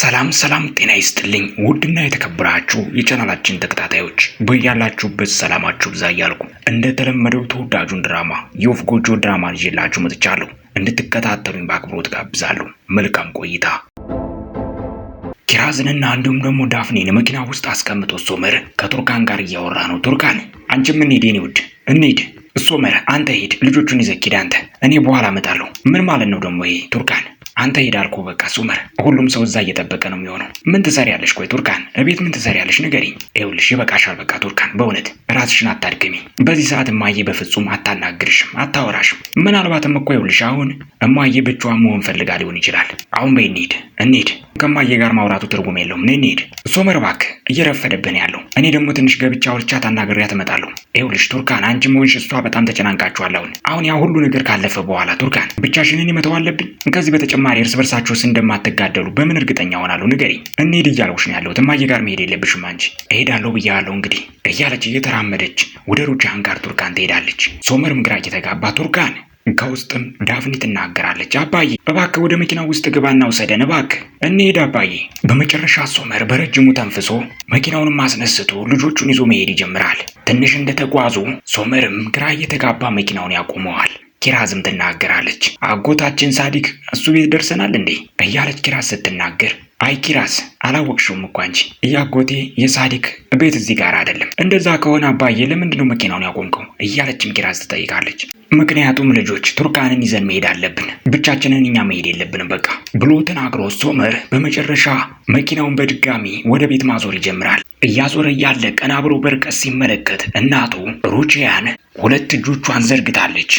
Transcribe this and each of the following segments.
ሰላም ሰላም፣ ጤና ይስጥልኝ ውድና የተከበራችሁ የቻናላችን ተከታታዮች በያላችሁበት ሰላማችሁ ብዛ እያልኩ እንደተለመደው ተወዳጁን ድራማ የወፍ ጎጆ ድራማን ይዤላችሁ መጥቻለሁ። እንድትከታተሉኝ በአክብሮት ጋብዛለሁ። መልካም ቆይታ። ኪራዝንና እንዲሁም ደግሞ ዳፍኔን መኪና ውስጥ አስቀምጦ ሶመር ከቱርካን ጋር እያወራ ነው። ቱርካን፣ አንቺም እንሂድ የኔ ውድ እንሂድ። ሶመር፣ አንተ ሂድ ልጆቹን ይዘህ ሂድ አንተ፣ እኔ በኋላ እመጣለሁ። ምን ማለት ነው ደግሞ ይሄ ቱርካን? አንተ ሄድ በቃ ሱመር፣ ሁሉም ሰው እዛ እየጠበቀ ነው የሚሆነው። ምን ትሰሪያለሽ? ቆይ ቱርካን፣ እቤት ምን ትሰሪያለሽ? ንገሪኝ። ይኸውልሽ ይበቃሻል። በቃ ቱርካን፣ በእውነት ራስሽን አታድገሚ። በዚህ ሰዓት እማዬ በፍጹም አታናግርሽም፣ አታወራሽም። ምናልባትም እኮ ይኸውልሽ አሁን እማዬ ብቻዋን መሆን ፈልጋ ሊሆን ይችላል። አሁን በይ እንሂድ፣ እንሂድ። ከማዬ ጋር ማውራቱ ትርጉም የለውም። ነይ እንሂድ። ሶመር እባክህ፣ እየረፈደብን ያለው እኔ ደግሞ ትንሽ ገብቻ ወርቻት አናግሬያት ትመጣለሁ። ይኸውልሽ ቱርካን፣ አንቺ መሆንሽ እሷ በጣም ተጨናንቃችኋል። አሁን አሁን ያ ሁሉ ነገር ካለፈ በኋላ ቱርካን ብቻሽንን መተው አለብኝ ከዚህ በተጨማ ተጨማሪ እርስ በርሳችሁስ እንደማትጋደሉ በምን እርግጠኛ ሆናለሁ? ንገሪኝ። እንሂድ እያልኩሽ ነው ያለሁት። እማዬ ጋር መሄድ የለብሽም አንቺ። እሄዳለሁ ብያለሁ እንግዲህ እያለች እየተራመደች ወደ ሩጃን ጋር ቱርካን ትሄዳለች። ሶመርም ግራ እየተጋባ ቱርካን ከውስጥም ዳፍኒ ትናገራለች። አባዬ እባክህ ወደ መኪና ውስጥ ግባና ውሰደን እባክህ እንሄድ አባዬ። በመጨረሻ ሶመር በረጅሙ ተንፍሶ መኪናውንም አስነስቶ ልጆቹን ይዞ መሄድ ይጀምራል። ትንሽ እንደተጓዙ ሶመርም ግራ እየተጋባ መኪናውን ያቆመዋል። ኪራዝም ትናገራለች። አጎታችን ሳዲክ እሱ ቤት ደርሰናል እንዴ እያለች ኪራዝ ስትናገር አይ ኪራስ አላወቅሽውም እኮ አንቺ እያጎቴ የሳዲክ ቤት እዚህ ጋር አይደለም። እንደዛ ከሆነ አባዬ ለምንድነው ነው መኪናውን ያቆምከው? እያለችም ኪራስ ትጠይቃለች። ምክንያቱም ልጆች ቱርካንን ይዘን መሄድ አለብን፣ ብቻችንን እኛ መሄድ የለብንም በቃ ብሎ ተናግሮ ሶመር በመጨረሻ መኪናውን በድጋሚ ወደ ቤት ማዞር ይጀምራል። እያዞረ እያለ ቀና ብሎ በርቀት ሲመለከት እናቱ ሩቺያን ሁለት እጆቿን ዘርግታለች።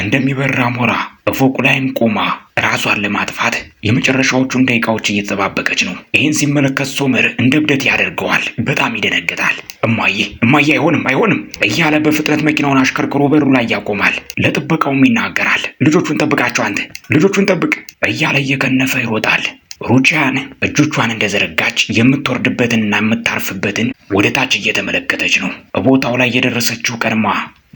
እንደሚበራ ሞራ በፎቁ ላይም ቆማ ራሷን ለማጥፋት የመጨረሻዎቹን ደቂቃዎች እየተጠባበቀች ነው። ይህን ሲመለከት ሶመር እንደ እብደት ያደርገዋል። በጣም ይደነግጣል። እማዬ እማዬ፣ አይሆንም አይሆንም እያለ በፍጥነት መኪናውን አሽከርክሮ በሩ ላይ ያቆማል። ለጥበቃውም ይናገራል። ልጆቹን ጠብቃቸው፣ አንተ ልጆቹን ጠብቅ እያለ እየከነፈ ይሮጣል። ሩቺያን እጆቿን እንደዘረጋች የምትወርድበትንና የምታርፍበትን ወደ ታች እየተመለከተች ነው። ቦታው ላይ የደረሰችው ቀድማ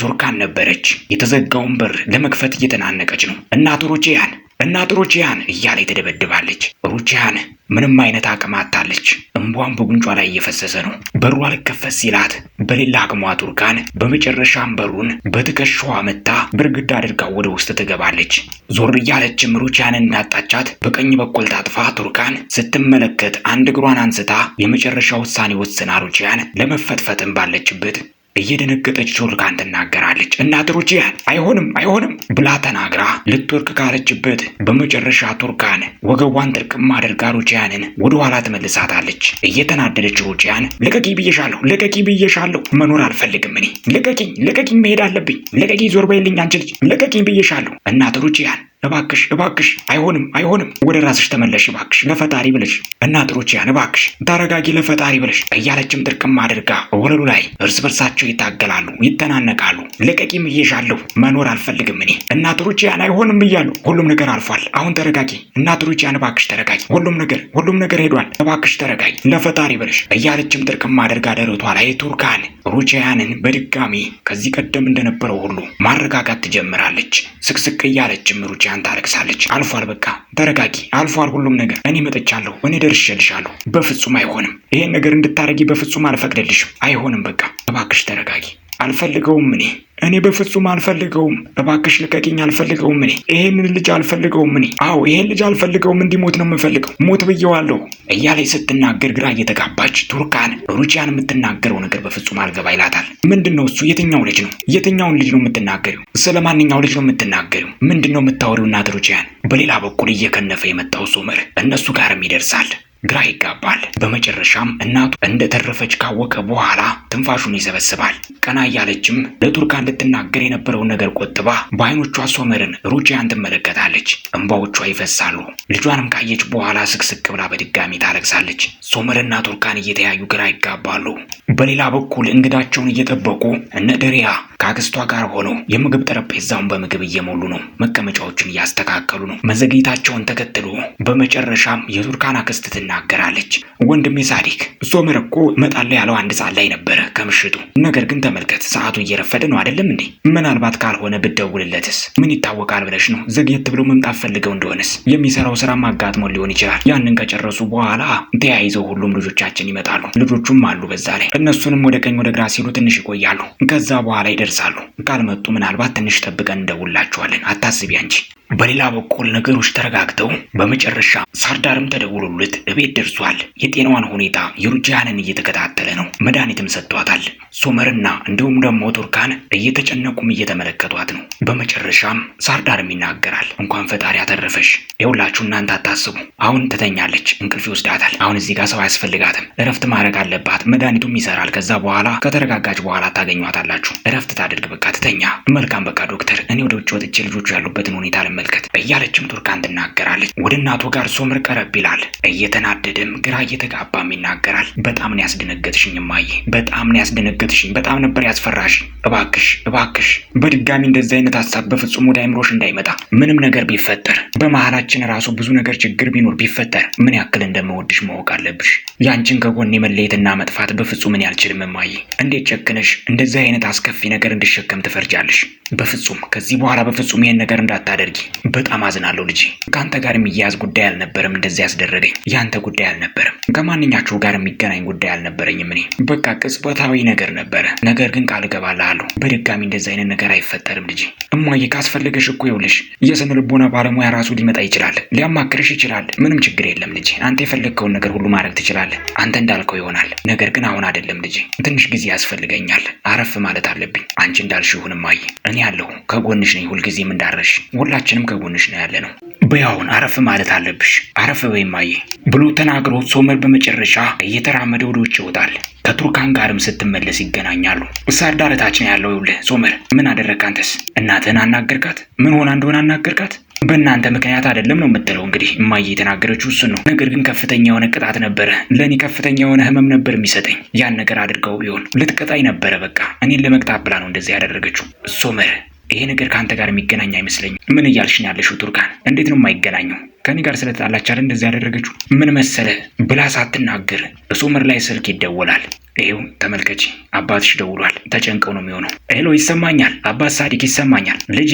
ቱርካን ነበረች። የተዘጋውን በር ለመክፈት እየተናነቀች ነው። እናት ሩቺያን እናት ሩቺያን እያለ ትደበድባለች። ሩቺያን ምንም አይነት አቅም አታለች እንቧን በጉንጯ ላይ እየፈሰሰ ነው። በሩ አልከፈት ሲላት በሌላ አቅሟ ቱርካን በመጨረሻም በሩን በትከሻዋ መታ ብርግድ አድርጋ ወደ ውስጥ ትገባለች። ዞር እያለችም ሩቺያንን እንዳጣቻት በቀኝ በኩል ታጥፋ ቱርካን ስትመለከት አንድ እግሯን አንስታ የመጨረሻ ውሳኔ ወስና ሩቺያን ለመፈትፈትም ባለችበት እየደነገጠች ሾልካን ትናገራለች። እናት ሩጂያ አይሆንም አይሆንም ብላ ተናግራ ልትወርቅ ካለችበት በመጨረሻ ቱርካን ወገቧን ጥርቅም አድርጋ ሩጂያንን ወደኋላ ትመልሳታለች። እየተናደደች ሩጂያን ልቀቂ ብዬሻለሁ፣ ልቀቂ ብዬሻለሁ፣ መኖር አልፈልግም እኔ ልቀቂኝ፣ ልቀቂኝ፣ መሄድ አለብኝ፣ ልቀቂ፣ ዞር በይልኝ አንቺ ልጅ፣ ብዬሻለሁ። እናት ሩጂያን እባክሽ እባክሽ፣ አይሆንም አይሆንም፣ ወደ ራስሽ ተመለሽ እባክሽ፣ ለፈጣሪ ብለሽ እናት ሩቺያን እባክሽ ተረጋጊ፣ ለፈጣሪ ብለሽ እያለችም ጥርቅም አድርጋ ወለሉ ላይ እርስ በርሳቸው ይታገላሉ፣ ይተናነቃሉ። ልቀቂም እየሻለሁ መኖር አልፈልግም እኔ እናት ሩቺያን አይሆንም እያሉ ሁሉም ነገር አልፏል። አሁን ተረጋጊ እናት ሩቺያን እባክሽ ተረጋጊ፣ ሁሉም ነገር ሁሉም ነገር ሄዷል፣ እባክሽ ተረጋጊ፣ ለፈጣሪ ብለሽ እያለችም ጥርቅም አድርጋ ደረቷ ላይ ቱርካን ሩቺያንን በድጋሚ ከዚህ ቀደም እንደነበረው ሁሉ ማረጋጋት ትጀምራለች። ስቅስቅ እያለችም ሩቺያ ጥርሷን ታረቅሳለች። አልፏል፣ በቃ ተረጋጊ፣ አልፏል ሁሉም ነገር። እኔ መጥቻለሁ፣ እኔ ደርሼልሻለሁ። በፍጹም አይሆንም፣ ይሄን ነገር እንድታረጊ በፍጹም አልፈቅድልሽም። አይሆንም፣ በቃ እባክሽ ተረጋጊ አልፈልገውም እኔ እኔ በፍጹም አልፈልገውም። እባክሽ ልቀቂኝ፣ አልፈልገውም እኔ ይሄንን ልጅ አልፈልገውም እኔ አዎ ይሄን ልጅ አልፈልገውም፣ እንዲሞት ነው የምፈልገው፣ ሞት ብየዋለሁ እያለች ስትናገር ግራ እየተጋባች ቱርካን ሩቺያን የምትናገረው ነገር በፍጹም አልገባ ይላታል። ምንድን ነው እሱ? የትኛው ልጅ ነው? የትኛውን ልጅ ነው የምትናገሪው? ስለ ማንኛው ልጅ ነው የምትናገሪው? ምንድን ነው የምታወሪው? እናት ሩቺያን በሌላ በኩል እየከነፈ የመጣው ሶመር እነሱ ጋርም ይደርሳል። ግራ ይጋባል። በመጨረሻም እናቱ እንደተረፈች ካወቀ በኋላ ትንፋሹን ይሰበስባል። ቀና እያለችም ለቱርካን ልትናገር የነበረውን ነገር ቆጥባ በአይኖቿ ሶመርን ሩቺያን ትመለከታለች። እንባዎቿ ይፈሳሉ። ልጇንም ካየች በኋላ ስቅስቅ ብላ በድጋሚ ታለቅሳለች። ሶመርና ቱርካን እየተያዩ ግራ ይጋባሉ። በሌላ በኩል እንግዳቸውን እየጠበቁ እነ ድሪያ ከአክስቷ ጋር ሆነው የምግብ ጠረጴዛውን በምግብ እየሞሉ ነው። መቀመጫዎችን እያስተካከሉ ነው። መዘግየታቸውን ተከትሎ በመጨረሻም የቱርካና ክስት ትናገራለች። ወንድሜ ሳዲክ ሶመር እኮ መጣለ ያለው አንድ ሰዓት ላይ ነበረ ከምሽቱ። ነገር ግን ተመልከት ሰዓቱ እየረፈደ ነው አይደለም እንዴ? ምናልባት ካልሆነ ብደውልለትስ ምን ይታወቃል ብለሽ ነው? ዘግየት ብሎ መምጣት ፈልገው እንደሆነስ የሚሰራው ስራም አጋጥሞን ሊሆን ይችላል። ያንን ከጨረሱ በኋላ ተያይዘው ሁሉም ልጆቻችን ይመጣሉ። ልጆቹም አሉ በዛ ላይ። እነሱንም ወደ ቀኝ ወደ ግራ ሲሉ ትንሽ ይቆያሉ። ከዛ በኋላ ይደርሳሉ። ካልመጡ ምናልባት ትንሽ ጠብቀን እንደውላችኋለን። አታስቢ አንቺ በሌላ በኩል ነገሮች ተረጋግተው በመጨረሻ ሳርዳርም ተደውሎለት እቤት ደርሷል። የጤናዋን ሁኔታ የሩጂያንን እየተከታተለ ነው። መድኃኒትም ሰጥቷታል። ሶመርና እንዲሁም ደግሞ ቱርካን እየተጨነቁም እየተመለከቷት ነው። በመጨረሻም ሳርዳርም ይናገራል። እንኳን ፈጣሪ አተረፈሽ። ይኸውላችሁ እናንተ አታስቡ። አሁን ትተኛለች፣ እንቅልፍ ይወስዳታል። አሁን እዚህ ጋር ሰው አያስፈልጋትም። እረፍት ማድረግ አለባት። መድኃኒቱም ይሰራል። ከዛ በኋላ ከተረጋጋች በኋላ ታገኟታላችሁ። እረፍት ታደርግ፣ በቃ ትተኛ። መልካም በቃ ዶክተር፣ እኔ ወደ ውጭ ወጥቼ ልጆቹ ያሉበትን ሁኔታ እንመልከት እያለችም ቱርካን ትናገራለች። ወደ እናቱ ጋር ሶምር ቀረብ ይላል። እየተናደደም ግራ እየተጋባም ይናገራል። በጣም ነው ያስደነገጥሽኝ እማዬ፣ በጣም ነው ያስደነገጥሽኝ፣ በጣም ነበር ያስፈራሽኝ። እባክሽ እባክሽ በድጋሚ እንደዚህ አይነት ሀሳብ በፍጹም ወደ አይምሮሽ እንዳይመጣ። ምንም ነገር ቢፈጠር በመሀላችን ራሱ ብዙ ነገር ችግር ቢኖር ቢፈጠር ምን ያክል እንደምወድሽ ማወቅ አለብሽ። ያንቺን ከጎን መለየትና መጥፋት በፍጹም እኔ አልችልም እማዬ። እንዴት ጨክነሽ እንደዚህ አይነት አስከፊ ነገር እንድሸከም ትፈርጃለሽ? በፍጹም ከዚህ በኋላ በፍጹም ይሄን ነገር እንዳታደርጊ በጣም አዝናለሁ ልጅ። ከአንተ ጋር የሚያያዝ ጉዳይ አልነበረም እንደዚህ ያስደረገኝ። ያንተ ጉዳይ አልነበረም። ከማንኛችሁ ጋር የሚገናኝ ጉዳይ አልነበረኝም። እኔ በቃ ቅጽበታዊ ነገር ነበረ። ነገር ግን ቃል እገባልሃለሁ በድጋሚ እንደዚህ አይነት ነገር አይፈጠርም ልጅ። እማዬ ካስፈለገሽ እኮ ይኸውልሽ የስነ ልቦና ባለሙያ ራሱ ሊመጣ ይችላል፣ ሊያማክርሽ ይችላል። ምንም ችግር የለም ልጅ። አንተ የፈለግከውን ነገር ሁሉ ማድረግ ትችላለህ። አንተ እንዳልከው ይሆናል። ነገር ግን አሁን አይደለም ልጅ። ትንሽ ጊዜ ያስፈልገኛል። አረፍ ማለት አለብኝ። አንቺ እንዳልሽ ይሁን እማዬ፣ እኔ አለሁ፣ ከጎንሽ ነኝ። ሁልጊዜም እንዳረሽ ሁላችን ሁላችንም ከጎንሽ ነው ያለ ነው። በያውን አረፍ ማለት አለብሽ፣ አረፍ በይማዬ ብሎ ተናግሮ ሶመር በመጨረሻ እየተራመደ ወደ ውጭ ይወጣል። ከቱርካን ጋርም ስትመለስ ይገናኛሉ። እሳር ዳረታችን ያለው። ይኸውልህ ሶመር፣ ምን አደረግክ? አንተስ እናትህን አናገርካት? ምን ሆና እንደሆነ አናገርካት? በእናንተ ምክንያት አይደለም ነው የምትለው። እንግዲህ እማዬ የተናገረችው እሱን ነው። ነገር ግን ከፍተኛ የሆነ ቅጣት ነበረ፣ ለእኔ ከፍተኛ የሆነ ህመም ነበር የሚሰጠኝ። ያን ነገር አድርገው ቢሆን ልትቀጣኝ ነበረ። በቃ እኔን ለመቅጣት ብላ ነው እንደዚህ ያደረገችው ሶመር ይሄ ነገር ከአንተ ጋር የሚገናኝ አይመስለኝም። ምን እያልሽ ነው ያለሽው? ቱርካን እንዴት ነው የማይገናኘው? ከኔ ጋር ስለተጣላች አይደል እንደዚህ ያደረገችው? ምን መሰለ ብላ ሳትናገር ምር ላይ ስልክ ይደወላል። ይሄው ተመልከቺ፣ አባትሽ ደውሏል። ተጨንቀው ነው የሚሆነው። ሄሎ፣ ይሰማኛል አባት ሳዲክ ይሰማኛል ልጄ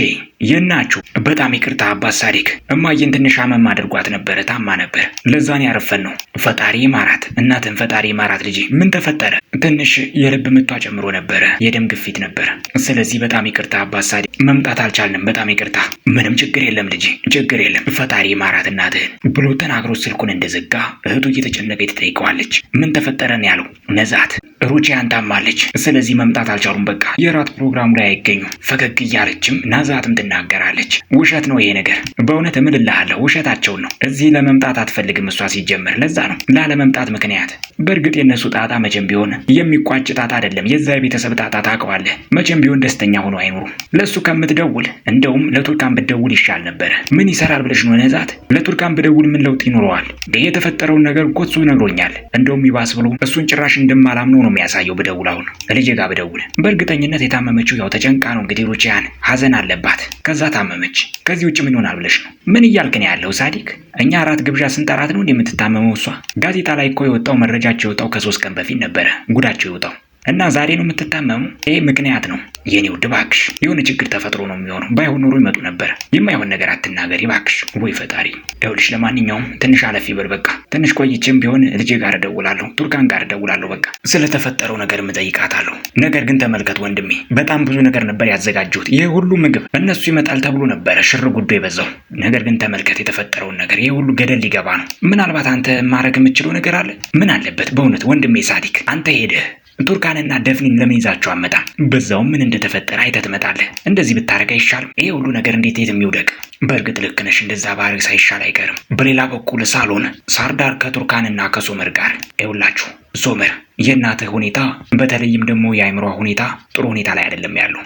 የናችሁ በጣም ይቅርታ አባት ሳዲክ፣ እማዬን ትንሽ አመም አድርጓት ነበረ። ታማ ነበር። ለዛን ያረፈን ነው። ፈጣሪ ማራት እናትን፣ ፈጣሪ ማራት ልጄ። ምን ተፈጠረ? ትንሽ የልብ ምቷ ጨምሮ ነበረ፣ የደም ግፊት ነበር። ስለዚህ በጣም ይቅርታ አባት ሳዲክ፣ መምጣት አልቻልንም። በጣም ይቅርታ። ምንም ችግር የለም ልጄ፣ ችግር የለም። ፈጣሪ ማራት እናትህን ብሎ ተናግሮ ስልኩን እንደዘጋ እህቱ እየተጨነቀ ትጠይቀዋለች። ምን ተፈጠረን ያለው ነዛት ሩቺያን ታማለች። ስለዚህ መምጣት አልቻሉም። በቃ የራት ፕሮግራሙ ላይ አይገኙ። ፈገግ እያለችም ናዛትም ትናገራለች። ውሸት ነው ይሄ ነገር። በእውነት እምልልሃለሁ ውሸታቸውን ነው። እዚህ ለመምጣት አትፈልግም እሷ ሲጀምር፣ ለዛ ነው ላለመምጣት ምክንያት። በእርግጥ የእነሱ ጣጣ መቼም ቢሆን የሚቋጭ ጣጣ አይደለም። የዛ የቤተሰብ ጣጣ ታውቀዋለህ። መቼም ቢሆን ደስተኛ ሆኖ አይኖሩም። ለእሱ ከምትደውል እንደውም ለቱርካን ብደውል ይሻል ነበረ። ምን ይሰራል ብለሽ ነው ነዛት? ለቱርካን ብደውል ምን ለውጥ ይኖረዋል? የተፈጠረውን ነገር እኮ እሱ ነግሮኛል። እንደውም ይባስ ብሎ እሱን ጭራሽ እንደማላምነው ነው የሚያሳየው። ብደውል አሁን ልጄ ጋር ብደውል በእርግጠኝነት የታመመችው ያው ተጨንቃ ነው እንግዲህ ሩቺያን ሀዘን አለባት። ከዛ ታመመች። ከዚህ ውጭ ምን ይሆናል ብለሽ ነው? ምን እያልክ ነው ያለው ሳዲክ? እኛ አራት ግብዣ ስንጠራት ነው እንደምትታመመው እሷ። ጋዜጣ ላይ እኮ የወጣው መረጃቸው የወጣው ከሶስት ቀን በፊት ነበረ። ጉዳቸው ይወጣው እና ዛሬ ነው የምትታመሙ? ይህ ምክንያት ነው የኔ ውድ እባክሽ። የሆነ ችግር ተፈጥሮ ነው የሚሆነው። ባይሆን ኖሮ ይመጡ ነበር። የማይሆን ነገር አትናገሪ እባክሽ። ወይ ፈጣሪ። ይኸውልሽ፣ ለማንኛውም ትንሽ አለፊ ይበል በቃ። ትንሽ ቆይቼም ቢሆን ልጄ ጋር እደውላለሁ፣ ቱርካን ጋር እደውላለሁ። በቃ ስለተፈጠረው ነገር እጠይቃታለሁ። ነገር ግን ተመልከት ወንድሜ፣ በጣም ብዙ ነገር ነበር ያዘጋጀሁት። ይህ ሁሉ ምግብ እነሱ ይመጣል ተብሎ ነበረ ሽር ጉዶ የበዛው። ነገር ግን ተመልከት የተፈጠረውን ነገር። ይህ ሁሉ ገደል ሊገባ ነው። ምናልባት አንተ ማድረግ የምችለው ነገር አለ? ምን አለበት በእውነት ወንድሜ ሳዲክ፣ አንተ ሄደህ ቱርካንና ደፍኒን ለመይዛቸው አመጣ። በዛውም ምን እንደተፈጠረ አይተህ ትመጣለህ። እንደዚህ ብታደርግ አይሻልም? ይሄ ሁሉ ነገር እንዴት የትም ይውደቅ። በእርግጥ ልክ ነሽ፣ እንደዛ ባረግ ሳይሻል አይቀርም። በሌላ በኩል ሳሎን ሳርዳር ከቱርካንና ከሶመር ጋር ይውላችሁ ሶመር የእናትህ ሁኔታ በተለይም ደግሞ የአይምሯ ሁኔታ ጥሩ ሁኔታ ላይ አይደለም ያሉ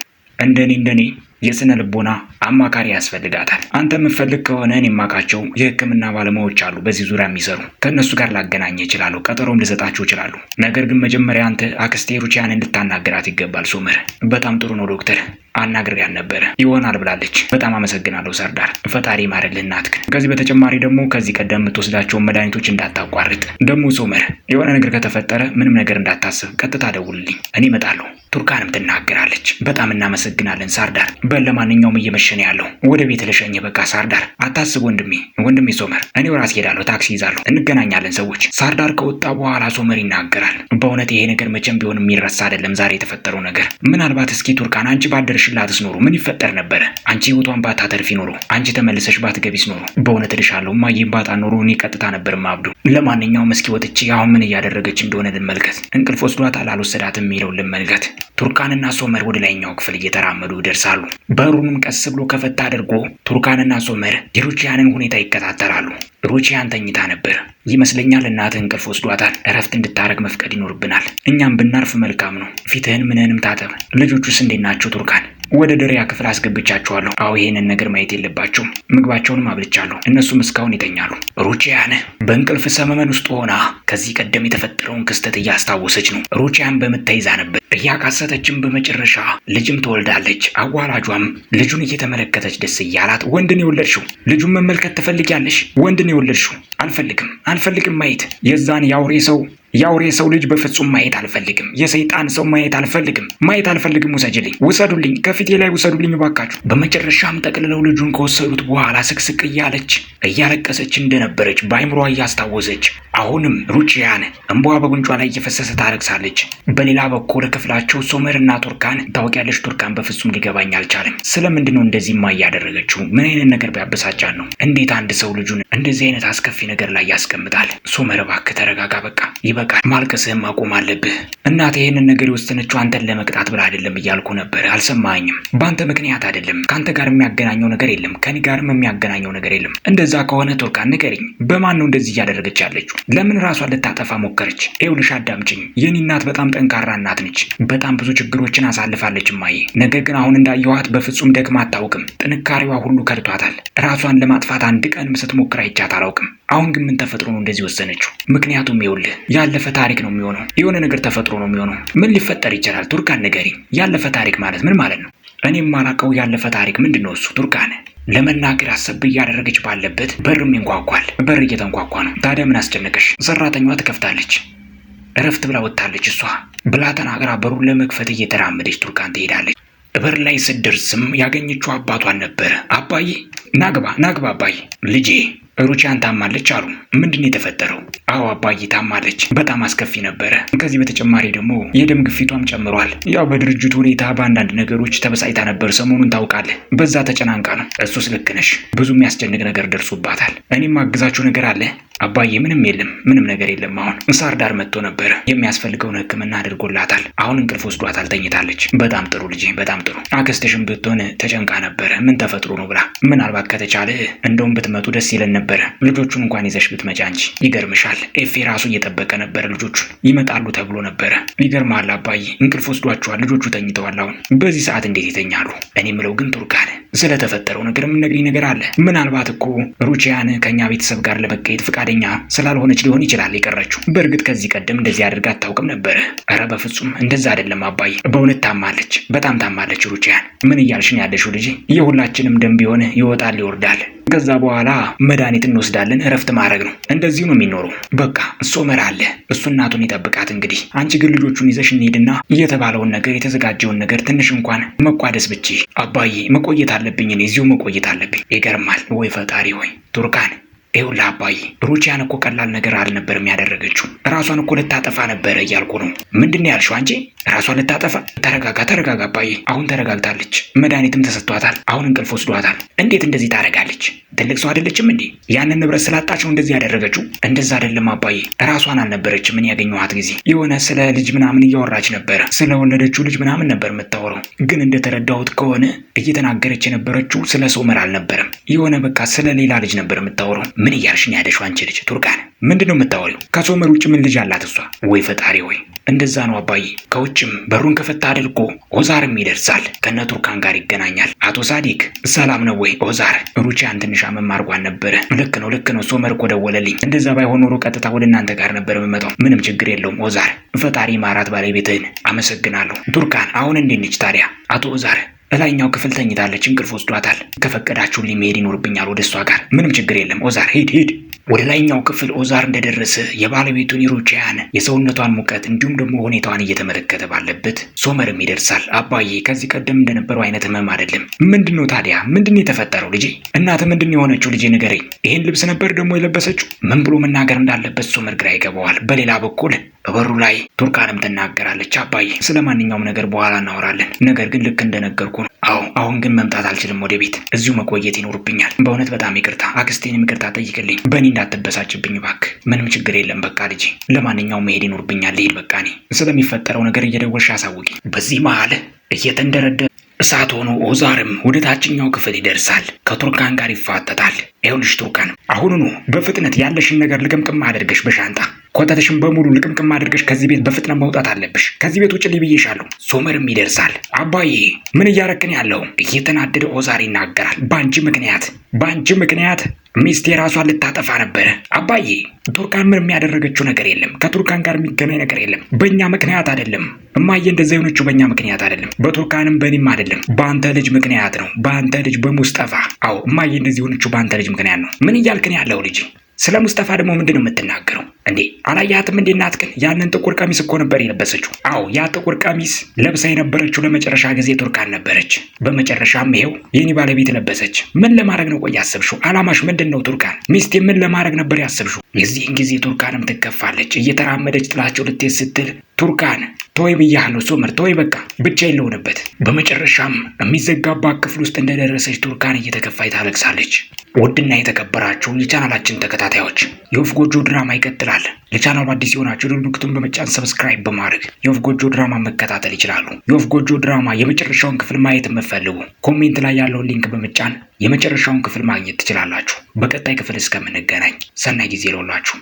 እንደኔ እንደኔ የስነ ልቦና አማካሪ ያስፈልጋታል። አንተ የምፈልግ ከሆነ እኔ የማውቃቸው የህክምና ባለሙያዎች አሉ በዚህ ዙሪያ የሚሰሩ ከእነሱ ጋር ላገናኘ ይችላሉ። ቀጠሮም ልሰጣቸው ይችላሉ። ነገር ግን መጀመሪያ አንተ አክስቴ ሩቺያን እንድታናግራት ይገባል። ሶመር በጣም ጥሩ ነው ዶክተር አናግሬያት ነበረ ይሆናል ብላለች። በጣም አመሰግናለሁ ሰርዳር፣ ፈጣሪ ማርልህ እናትህን። ከዚህ በተጨማሪ ደግሞ ከዚህ ቀደም የምትወስዳቸውን መድኃኒቶች እንዳታቋርጥ። ደግሞ ሶመር የሆነ ነገር ከተፈጠረ ምንም ነገር እንዳታስብ፣ ቀጥታ ደውልልኝ፣ እኔ እመጣለሁ። ቱርካንም ትናገራለች። በጣም እናመሰግናለን ሳርዳር በል ለማንኛውም እየመሸን ያለው ወደ ቤት ልሸኝ። በቃ ሳርዳር አታስብ ወንድሜ፣ ወንድሜ ሶመር፣ እኔው ራስ ሄዳለሁ፣ ታክሲ ይዛለሁ፣ እንገናኛለን። ሰዎች ሳርዳር ከወጣ በኋላ ሶመር ይናገራል። በእውነት ይሄ ነገር መቼም ቢሆን የሚረሳ አይደለም፣ ዛሬ የተፈጠረው ነገር። ምናልባት እስኪ ቱርካን አንቺ ባደረሽላትስ ኖሮ ምን ይፈጠር ነበረ? አንቺ ህይወቷን ባታተርፊ ኖሮ፣ አንቺ ተመልሰሽ ባትገቢስ ኖሮ፣ በእውነት እልሻለሁ እማዬን ባጣ ኖሮ እኔ ቀጥታ ነበር ማብዱ። ለማንኛውም እስኪ ወጥቼ አሁን ምን እያደረገች እንደሆነ ልመልከት፣ እንቅልፍ ወስዷታል አልወሰዳትም የሚለውን ልመልከት። ቱርካንና ሶመር ወደ ላይኛው ክፍል እየተራመዱ ይደርሳሉ። በሩንም ቀስ ብሎ ከፈታ አድርጎ ቱርካንና ሶመር የሩቺያንን ሁኔታ ይከታተላሉ። ሩቺያን ተኝታ ነበር ይመስለኛል። እናትህ እንቅልፍ ወስዷታል። እረፍት እንድታረግ መፍቀድ ይኖርብናል። እኛም ብናርፍ መልካም ነው። ፊትህን ምንህንም ታጠብ። ልጆቹስ እንዴት ናቸው ቱርካን? ወደ ደሪያ ክፍል አስገብቻችኋለሁ። አዎ ይሄንን ነገር ማየት የለባቸውም። ምግባቸውንም አብልቻለሁ። እነሱም እስካሁን ይተኛሉ። ሩቺያን በእንቅልፍ ሰመመን ውስጥ ሆና ከዚህ ቀደም የተፈጠረውን ክስተት እያስታወሰች ነው። ሩቺያን በምታይዛነበት እያቃሰተችም በመጨረሻ ልጅም ትወልዳለች። አዋላጇም ልጁን እየተመለከተች ደስ እያላት ወንድን የወለድሽው ልጁን መመልከት ትፈልጊያለሽ? ወንድን የወለድሽው አልፈልግም፣ አልፈልግም ማየት የዛን የአውሬ ሰው የአውሬ ሰው ልጅ በፍጹም ማየት አልፈልግም። የሰይጣን ሰው ማየት አልፈልግም። ማየት አልፈልግም። ውሰጅልኝ፣ ውሰዱልኝ፣ ከፊቴ ላይ ውሰዱልኝ ባካችሁ። በመጨረሻም ጠቅልለው ልጁን ከወሰዱት በኋላ ስቅስቅ እያለች እያለቀሰች እንደነበረች በአይምሯ እያስታወሰች አሁንም ሩቺያን እንቧ በጉንጯ ላይ እየፈሰሰ ታለቅሳለች። በሌላ በኩል ክፍላቸው ሶመርና ቱርካን ታወቂያለች። ቱርካን በፍጹም ሊገባኝ አልቻለም። ስለምንድን ነው እንደዚህማ እያደረገችው? ምን አይነት ነገር ቢያበሳጫት ነው? እንዴት አንድ ሰው ልጁን እንደዚህ አይነት አስከፊ ነገር ላይ ያስቀምጣል? ሶመር እባክህ ተረጋጋ፣ በቃ ይበቃል፣ ማልቀስህም ማቆም አለብህ። እናት ይህንን ነገር የወሰነችው አንተን ለመቅጣት ብላ አይደለም እያልኩ ነበር፣ አልሰማኝም። በአንተ ምክንያት አይደለም። ከአንተ ጋር የሚያገናኘው ነገር የለም፣ ከኔ ጋርም የሚያገናኘው ነገር የለም። እንደዛ ከሆነ ቱርካን ንገሪኝ፣ በማን ነው እንደዚህ እያደረገች ያለችው? ለምን ራሷን ልታጠፋ ሞከረች? ይኸውልሽ፣ አዳምጪኝ። የኔ እናት በጣም ጠንካራ እናት ነች። በጣም ብዙ ችግሮችን አሳልፋለች እማዬ። ነገር ግን አሁን እንዳየኋት በፍጹም ደግማ አታውቅም። ጥንካሬዋ ሁሉ ከድቷታል። ራሷን ለማጥፋት አንድ ቀንም ስትሞክር አይቻት አላውቅም። አሁን ግን ምን ተፈጥሮ ነው እንደዚህ ወሰነችው? ምክንያቱም ይኸውልህ ያለፈ ታሪክ ነው የሚሆነው። የሆነ ነገር ተፈጥሮ ነው የሚሆነው። ምን ሊፈጠር ይችላል ቱርካን ንገሪኝ። ያለፈ ታሪክ ማለት ምን ማለት ነው? እኔ የማላውቀው ያለፈ ታሪክ ምንድን ነው እሱ? ቱርካን ለመናገር አሰብ እያደረገች ባለበት በርም ይንኳኳል። በር እየተንኳኳ ነው። ታዲያ ምን አስጨነቀሽ? ሰራተኛዋ ትከፍታለች። እረፍት ብላ ወጥታለች እሷ ብላ ተናግራ በሩን ለመክፈት እየተራመደች ቱርካን ትሄዳለች። በር ላይ ስትደርስም ያገኘችው አባቷን ነበረ። አባዬ ናግባ ናግባ፣ አባዬ ልጄ ሩቺያን ታማለች አሉ። ምንድን ነው የተፈጠረው? አዎ አባዬ ታማለች፣ በጣም አስከፊ ነበረ። ከዚህ በተጨማሪ ደግሞ የደም ግፊቷም ጨምሯል። ያው በድርጅቱ ሁኔታ በአንዳንድ ነገሮች ተበሳጭታ ነበር ሰሞኑን ታውቃለህ። በዛ ተጨናንቃ ነው። እሱስ ልክ ነሽ። ብዙ የሚያስጨንቅ ነገር ደርሶባታል። እኔም አግዛችሁ ነገር አለ አባዬ? ምንም የለም፣ ምንም ነገር የለም። አሁን ሳር ዳር መጥቶ ነበረ። የሚያስፈልገውን ሕክምና አድርጎላታል። አሁን እንቅልፍ ወስዷታል፣ ተኝታለች። በጣም ጥሩ ልጄ፣ በጣም ጥሩ። አክስትሽም ብትሆን ተጨንቃ ነበረ ምን ተፈጥሮ ነው ብላ። ምናልባት ከተቻለ እንደውም ብትመጡ ደስ ይለን ነበር ነበረ። ልጆቹን እንኳን ይዘሽ ብትመጪ ይገርምሻል። ኤፌ ራሱ እየጠበቀ ነበረ ልጆቹን ይመጣሉ ተብሎ ነበረ። ይገርምሃል አባዬ እንቅልፍ ወስዷቸዋል። ልጆቹ ተኝተዋል። አሁን በዚህ ሰዓት እንዴት ይተኛሉ? እኔ ምለው ግን ቱርካን ስለተፈጠረው ነገር የምነግሪኝ ነገር አለ። ምናልባት እኮ ሩቺያን ከእኛ ቤተሰብ ጋር ለመቀየት ፈቃደኛ ስላልሆነች ሊሆን ይችላል የቀረችው። በእርግጥ ከዚህ ቀደም እንደዚህ አድርጋ አታውቅም ነበረ። እረ በፍጹም እንደዛ አይደለም አባዬ፣ በእውነት ታማለች፣ በጣም ታማለች ሩቺያን። ምን እያልሽን ያለሽው ልጄ? የሁላችንም ደንብ የሆነ ይወጣል ይወርዳል ከዛ በኋላ መድኃኒት እንወስዳለን። እረፍት ማድረግ ነው። እንደዚሁ ነው የሚኖረው። በቃ እሱ መር አለ። እሱ እናቱን ይጠብቃት። እንግዲህ አንቺ ግን ልጆቹን ይዘሽ እንሂድና የተባለውን ነገር የተዘጋጀውን ነገር ትንሽ እንኳን መቋደስ ብቼ አባዬ መቆየት አለብኝ። እኔ እዚሁ መቆየት አለብኝ። ይገርማል ወይ ፈጣሪ ሆይ ቱርካን ይኸውልህ አባዬ ሩቺያን እኮ ቀላል ነገር አልነበርም ያደረገችው። ራሷን እኮ ልታጠፋ ነበረ እያልኩ ነው። ምንድን ነው ያልሽው አንቺ? ራሷን ልታጠፋ? ተረጋጋ፣ ተረጋጋ አባዬ። አሁን ተረጋግታለች። መድኃኒትም ተሰጥቷታል። አሁን እንቅልፍ ወስዷታል። እንዴት እንደዚህ ታደርጋለች? ትልቅ ሰው አይደለችም እንዴ? ያንን ንብረት ስላጣች ነው እንደዚህ ያደረገችው። እንደዛ አይደለም አባዬ፣ ራሷን አልነበረች ምን ያገኘኋት ጊዜ የሆነ ስለ ልጅ ምናምን እያወራች ነበረ። ስለወለደችው ልጅ ምናምን ነበር የምታወራው። ግን እንደተረዳሁት ከሆነ እየተናገረች የነበረችው ስለ ሶመር አልነበረም። የሆነ በቃ ስለሌላ ልጅ ነበር የምታወራው። ምን እያልሽ ነው ያለሽው? አንቺ ልጅ ቱርካን፣ ምንድን ነው የምታወሪው? ከሶመር ውጭ ምን ልጅ አላት እሷ? ወይ ፈጣሪ ወይ! እንደዛ ነው አባዬ። ከውጭም በሩን ከፈታ አድርጎ ኦዛርም ይደርሳል። ከነ ቱርካን ጋር ይገናኛል። አቶ ሳዲክ ሰላም ነው ወይ? ኦዛር፣ ሩቺያን ትንሽ አመም አድርጓን ነበረ። ልክ ነው ልክ ነው፣ ሶመር እኮ ደወለልኝ። እንደዛ ባይሆን ኖሮ ቀጥታ ወደ እናንተ ጋር ነበር የምመጣው። ምንም ችግር የለውም ኦዛር። ፈጣሪ ማራት ባለቤትህን። አመሰግናለሁ ቱርካን። አሁን እንዴት ነች ታዲያ? አቶ ኦዛር እላይኛው ክፍል ተኝታለች። እንቅልፍ ወስዷታል። ከፈቀዳችሁልኝ መሄድ ይኖርብኛል ወደ እሷ ጋር። ምንም ችግር የለም ኦዛር፣ ሂድ ሂድ። ወደ ላይኛው ክፍል ኦዛር እንደደረሰ የባለቤቱን የሩቺያን የሰውነቷን ሙቀት እንዲሁም ደግሞ ሁኔታዋን እየተመለከተ ባለበት ሶመርም ይደርሳል። አባዬ ከዚህ ቀደም እንደነበረው አይነት ህመም አይደለም። ምንድን ነው ታዲያ? ምንድን ነው የተፈጠረው ልጄ? እናት ምንድን የሆነችው ልጄ? ንገረኝ። ይህን ልብስ ነበር ደግሞ የለበሰችው? ምን ብሎ መናገር እንዳለበት ሶመር ግራ ይገባዋል። በሌላ በኩል በበሩ ላይ ቱርካንም ትናገራለች። አባዬ ስለ ማንኛውም ነገር በኋላ እናወራለን፣ ነገር ግን ልክ እንደነገርኩ ነው። አዎ አሁን ግን መምጣት አልችልም ወደ ቤት፣ እዚሁ መቆየት ይኖርብኛል። በእውነት በጣም ይቅርታ፣ አክስቴንም ይቅርታ ጠይቅልኝ። በእኔ እንዳትበሳጭብኝ እባክህ። ምንም ችግር የለም በቃ ልጅ ለማንኛውም መሄድ ይኖርብኛል። ልሄድ በቃ። እኔ ስለሚፈጠረው ነገር እየደወልሽ አሳውቂ። በዚህ መሀል እየተንደረደ እሳት ሆኖ ኦዛርም ወደ ታችኛው ክፍል ይደርሳል። ከቱርካን ጋር ይፋጠጣል። ይኸውልሽ ቱርካን፣ አሁኑኑ በፍጥነት ያለሽን ነገር ልገምቅማ አድርገሽ በሻንጣ ኮተትሽን በሙሉ ልቅምቅም አድርገሽ ከዚህ ቤት በፍጥነት መውጣት አለብሽ። ከዚህ ቤት ውጭ ሊብይሻሉ። ሶመርም ይደርሳል። አባዬ ምን እያረክን ያለው? እየተናደደ ኦዛር ይናገራል። በአንቺ ምክንያት በአንቺ ምክንያት ሚስቴ ራሷን ልታጠፋ ነበረ። አባዬ ቱርካን ምን የሚያደረገችው ነገር የለም። ከቱርካን ጋር የሚገናኝ ነገር የለም። በእኛ ምክንያት አይደለም እማዬ፣ እንደዚ የሆነችው በእኛ ምክንያት አይደለም። በቱርካንም በእኔም አይደለም። በአንተ ልጅ ምክንያት ነው። በአንተ ልጅ በሙስጠፋ። አዎ እማዬ፣ እንደዚህ የሆነችው በአንተ ልጅ ምክንያት ነው። ምን እያልክን ያለው ልጅ ስለ ሙስጠፋ ደግሞ ምንድን ነው የምትናገረው እንዴ? አላያትም እንዴ? እናት ግን ያንን ጥቁር ቀሚስ እኮ ነበር የለበሰችው። አዎ ያ ጥቁር ቀሚስ ለብሳ የነበረችው ለመጨረሻ ጊዜ ቱርካን ነበረች። በመጨረሻም ይሄው የኔ ባለቤት ለበሰች። ምን ለማድረግ ነው ቆይ ያሰብሽው? አላማሽ ምንድን ነው ቱርካን? ሚስቴ ምን ለማድረግ ነበር ያሰብሽው? የዚህን ጊዜ ቱርካንም ትከፋለች። እየተራመደች ጥላቸው ልትሄድ ስትል ቱርካን ተወይ ብያለሁ ሶመር ተወይ በቃ ብቻ የለውንበት። በመጨረሻም የሚዘጋባት ክፍል ውስጥ እንደደረሰች ቱርካን እየተከፋይ ታለቅሳለች። ውድና የተከበራችሁ የቻናላችን ተከታታዮች የወፍ ጎጆ ድራማ ይቀጥላል። ለቻናሉ አዲስ የሆናችሁ የደወል ምልክቱን በመጫን ሰብስክራይብ በማድረግ የወፍ ጎጆ ድራማ መከታተል ይችላሉ። የወፍ ጎጆ ድራማ የመጨረሻውን ክፍል ማየት የምትፈልጉ ኮሜንት ላይ ያለውን ሊንክ በመጫን የመጨረሻውን ክፍል ማግኘት ትችላላችሁ። በቀጣይ ክፍል እስከምንገናኝ ሰናይ ጊዜ ይለውላችሁ።